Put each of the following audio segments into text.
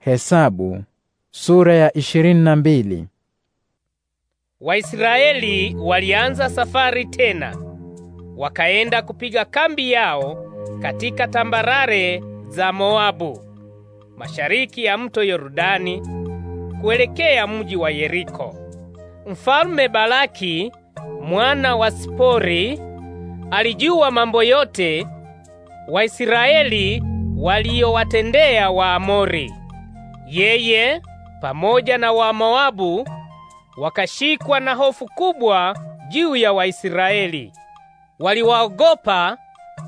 Hesabu sura ya 22. Waisraeli walianza safari tena, wakaenda kupiga kambi yao katika tambarare za Moabu, mashariki ya mto Yordani, kuelekea mji wa Yeriko. Mfalme Balaki mwana wa Sipori alijua mambo yote Waisraeli waliyowatendea Waamori. Yeye pamoja na Wamoabu wakashikwa na hofu kubwa juu ya Waisraeli. Waliwaogopa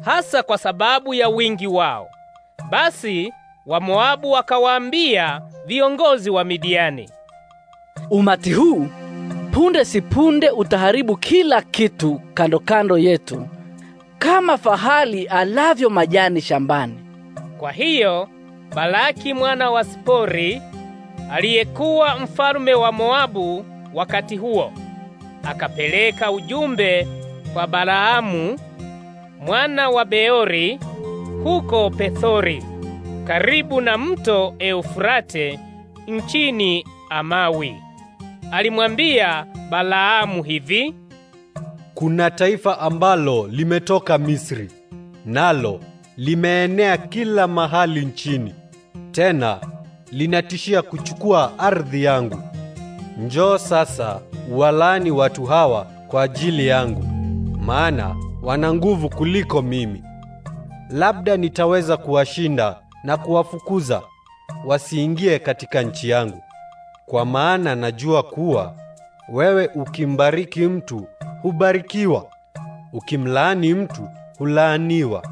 hasa kwa sababu ya wingi wao. Basi Wamoabu wakawaambia viongozi wa Midiani, umati huu punde si punde utaharibu kila kitu kando kando yetu, kama fahali alavyo majani shambani. Kwa hiyo Balaki mwana wa Sipori aliyekuwa mfalme wa Moabu wakati huo akapeleka ujumbe kwa Balaamu mwana wa Beori huko Pethori karibu na mto Eufrate nchini Amawi. Alimwambia Balaamu hivi: kuna taifa ambalo limetoka Misri, nalo limeenea kila mahali nchini tena linatishia kuchukua ardhi yangu. Njoo sasa walani watu hawa kwa ajili yangu, maana wana nguvu kuliko mimi. Labda nitaweza kuwashinda na kuwafukuza wasiingie katika nchi yangu, kwa maana najua kuwa wewe ukimbariki mtu hubarikiwa, ukimlaani mtu hulaaniwa.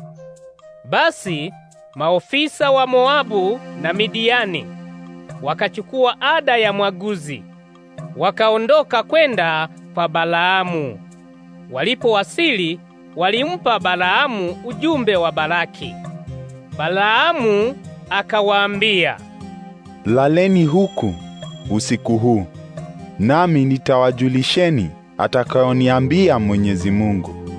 Basi maofisa wa Moabu na Midiani wakachukua ada ya mwaguzi, wakaondoka kwenda kwa Balaamu. Walipowasili walimpa Balaamu ujumbe wa Balaki. Balaamu akawaambia, laleni huku usiku huu, nami nitawajulisheni atakayoniambia Mwenyezi Mungu.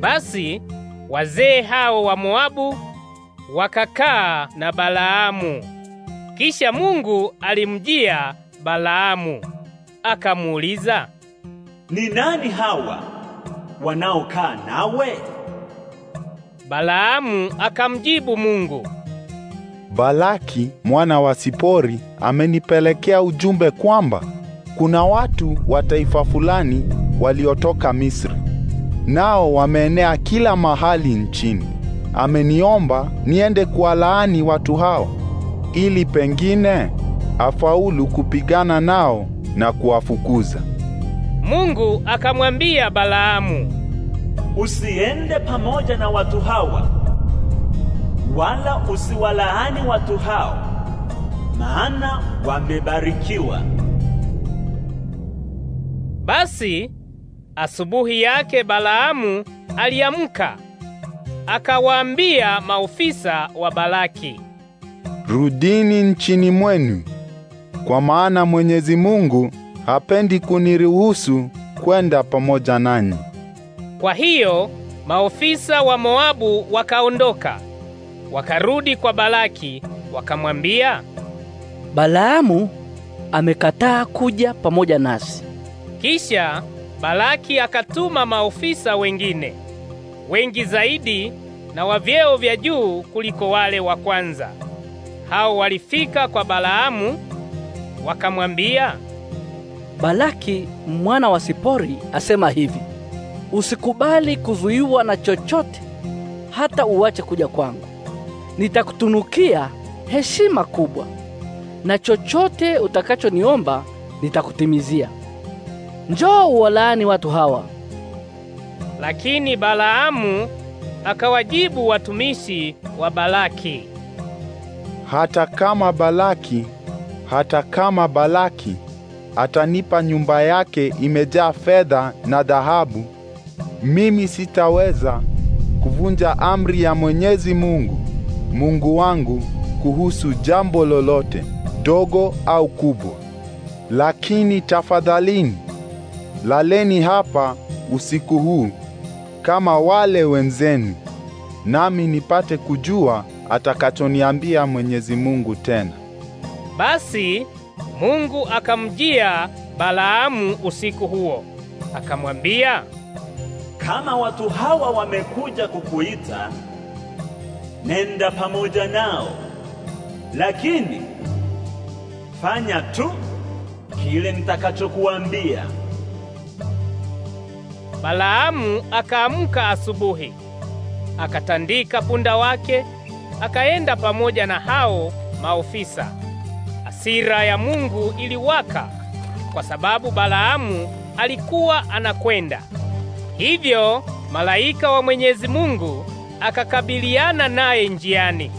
Basi wazee hao wa Moabu wakakaa na Balaamu. Kisha Mungu alimjia Balaamu akamuuliza, ni nani hawa wanaokaa nawe? Balaamu akamjibu Mungu, Balaki mwana wa Sipori amenipelekea ujumbe kwamba kuna watu wa taifa fulani waliotoka Misri, nao wameenea kila mahali nchini ameniomba niende kuwalaani watu hao ili pengine afaulu kupigana nao na kuwafukuza. Mungu akamwambia Balaamu, usiende pamoja na watu hawa, wala usiwalaani watu hao, maana wamebarikiwa. Basi asubuhi yake Balaamu aliamka akawaambia maofisa wa Balaki, rudini nchini mwenu, kwa maana Mwenyezi Mungu hapendi kuniruhusu kwenda pamoja nanyi. Kwa hiyo maofisa wa Moabu wakaondoka wakarudi kwa Balaki wakamwambia, Balaamu amekataa kuja pamoja nasi. Kisha Balaki akatuma maofisa wengine wengi zaidi na wa vyeo vya juu kuliko wale wa kwanza. Hao walifika kwa Balaamu wakamwambia, Balaki mwana wa Sipori asema hivi, usikubali kuzuiwa na chochote hata uwache kuja kwangu. Nitakutunukia heshima kubwa na chochote utakachoniomba nitakutimizia. Njoo uwalaani watu hawa lakini Balaamu akawajibu watumishi wa Balaki, hata kama Balaki, hata kama Balaki atanipa nyumba yake imejaa fedha na dhahabu, mimi sitaweza kuvunja amri ya Mwenyezi Mungu, Mungu wangu kuhusu jambo lolote dogo au kubwa. Lakini tafadhalini laleni hapa usiku huu kama wale wenzenu, nami nipate kujua atakachoniambia Mwenyezi Mungu tena. Basi Mungu akamjia Balaamu usiku huo, akamwambia, kama watu hawa wamekuja kukuita, nenda pamoja nao, lakini fanya tu kile nitakachokuambia. Balaamu akaamka asubuhi, akatandika punda wake, akaenda pamoja na hao maofisa. Hasira ya Mungu iliwaka kwa sababu Balaamu alikuwa anakwenda. Hivyo malaika wa Mwenyezi Mungu akakabiliana naye njiani.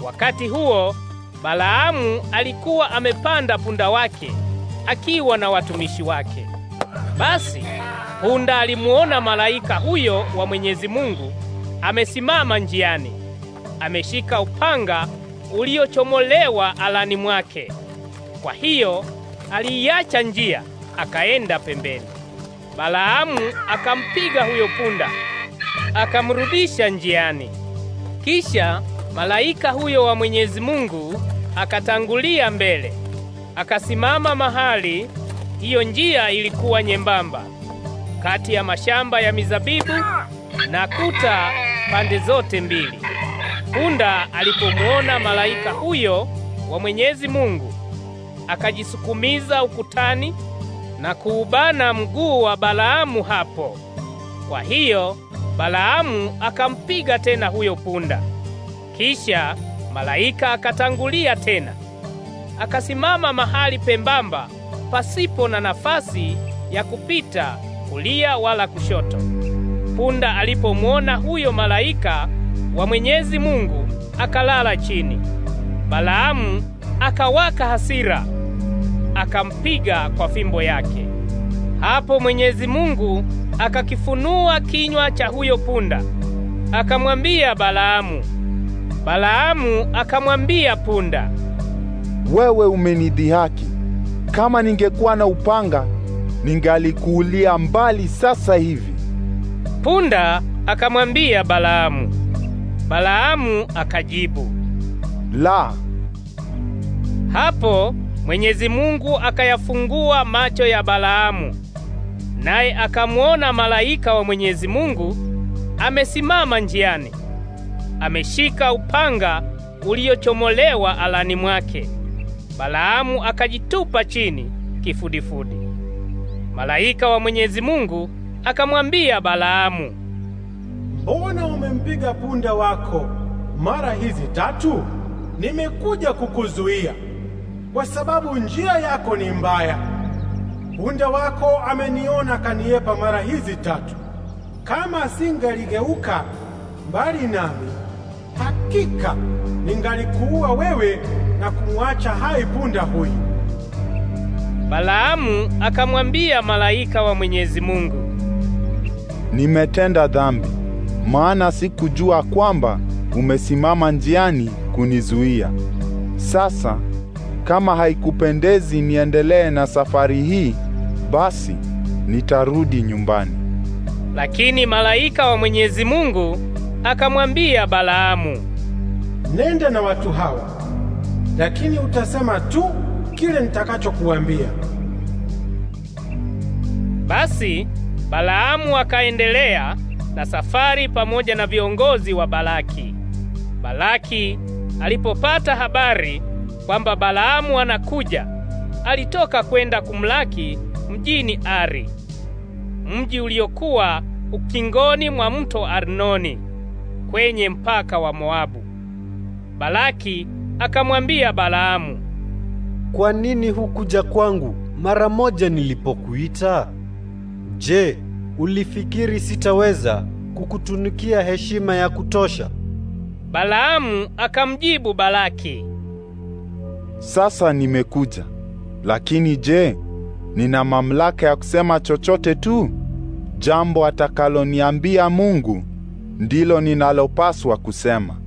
Wakati huo Balaamu alikuwa amepanda punda wake akiwa na watumishi wake. Basi Punda alimuona malaika huyo wa Mwenyezi Mungu amesimama njiani, ameshika upanga uliochomolewa alani mwake. Kwa hiyo aliiacha njia akaenda pembeni. Balaamu akampiga huyo punda akamrudisha njiani. Kisha malaika huyo wa Mwenyezi Mungu akatangulia mbele, akasimama mahali hiyo njia ilikuwa nyembamba kati ya mashamba ya mizabibu na kuta pande zote mbili. Punda alipomuona malaika huyo wa Mwenyezi Mungu, akajisukumiza ukutani na kuubana mguu wa Balaamu hapo. Kwa hiyo Balaamu akampiga tena huyo punda. Kisha malaika akatangulia tena, akasimama mahali pembamba pasipo na nafasi ya kupita kulia wala kushoto. Punda alipomwona huyo malaika wa Mwenyezi Mungu akalala chini. Balaamu akawaka hasira, akampiga kwa fimbo yake. Hapo Mwenyezi Mungu akakifunua kinywa cha huyo punda, akamwambia Balaamu. Balaamu akamwambia punda, wewe umenidhihaki. Kama ningekuwa na upanga ningalikuulia mbali sasa hivi. Punda akamwambia Balaamu. Balaamu akajibu, la. Hapo Mwenyezi Mungu akayafungua macho ya Balaamu, naye akamwona malaika wa Mwenyezi Mungu amesimama njiani, ameshika upanga uliochomolewa alani mwake. Balaamu akajitupa chini kifudifudi malaika wa Mwenyezi Mungu akamwambia Balaamu, mbona umempiga punda wako mara hizi tatu? Nimekuja kukuzuia kwa sababu njia yako ni mbaya. Punda wako ameniona kaniepa mara hizi tatu. Kama singaligeuka mbali nami, hakika ningalikuua wewe na kumwacha hai punda huyu. Balaamu akamwambia malaika wa Mwenyezi Mungu, nimetenda dhambi, maana sikujua kwamba umesimama njiani kunizuia. Sasa kama haikupendezi niendelee na safari hii, basi nitarudi nyumbani. Lakini malaika wa Mwenyezi Mungu akamwambia Balaamu, nenda na watu hawa, lakini utasema tu kile nitakachokuambia. Basi Balaamu akaendelea na safari pamoja na viongozi wa Balaki. Balaki alipopata habari kwamba Balaamu anakuja, alitoka kwenda kumlaki mjini Ari, mji uliokuwa ukingoni mwa mto Arnoni kwenye mpaka wa Moabu. Balaki akamwambia Balaamu, kwa nini hukuja kwangu mara moja nilipokuita? Je, ulifikiri sitaweza kukutunikia heshima ya kutosha? Balaamu akamjibu Balaki, sasa nimekuja, lakini je, nina mamlaka ya kusema chochote tu? Jambo atakaloniambia Mungu ndilo ninalopaswa kusema.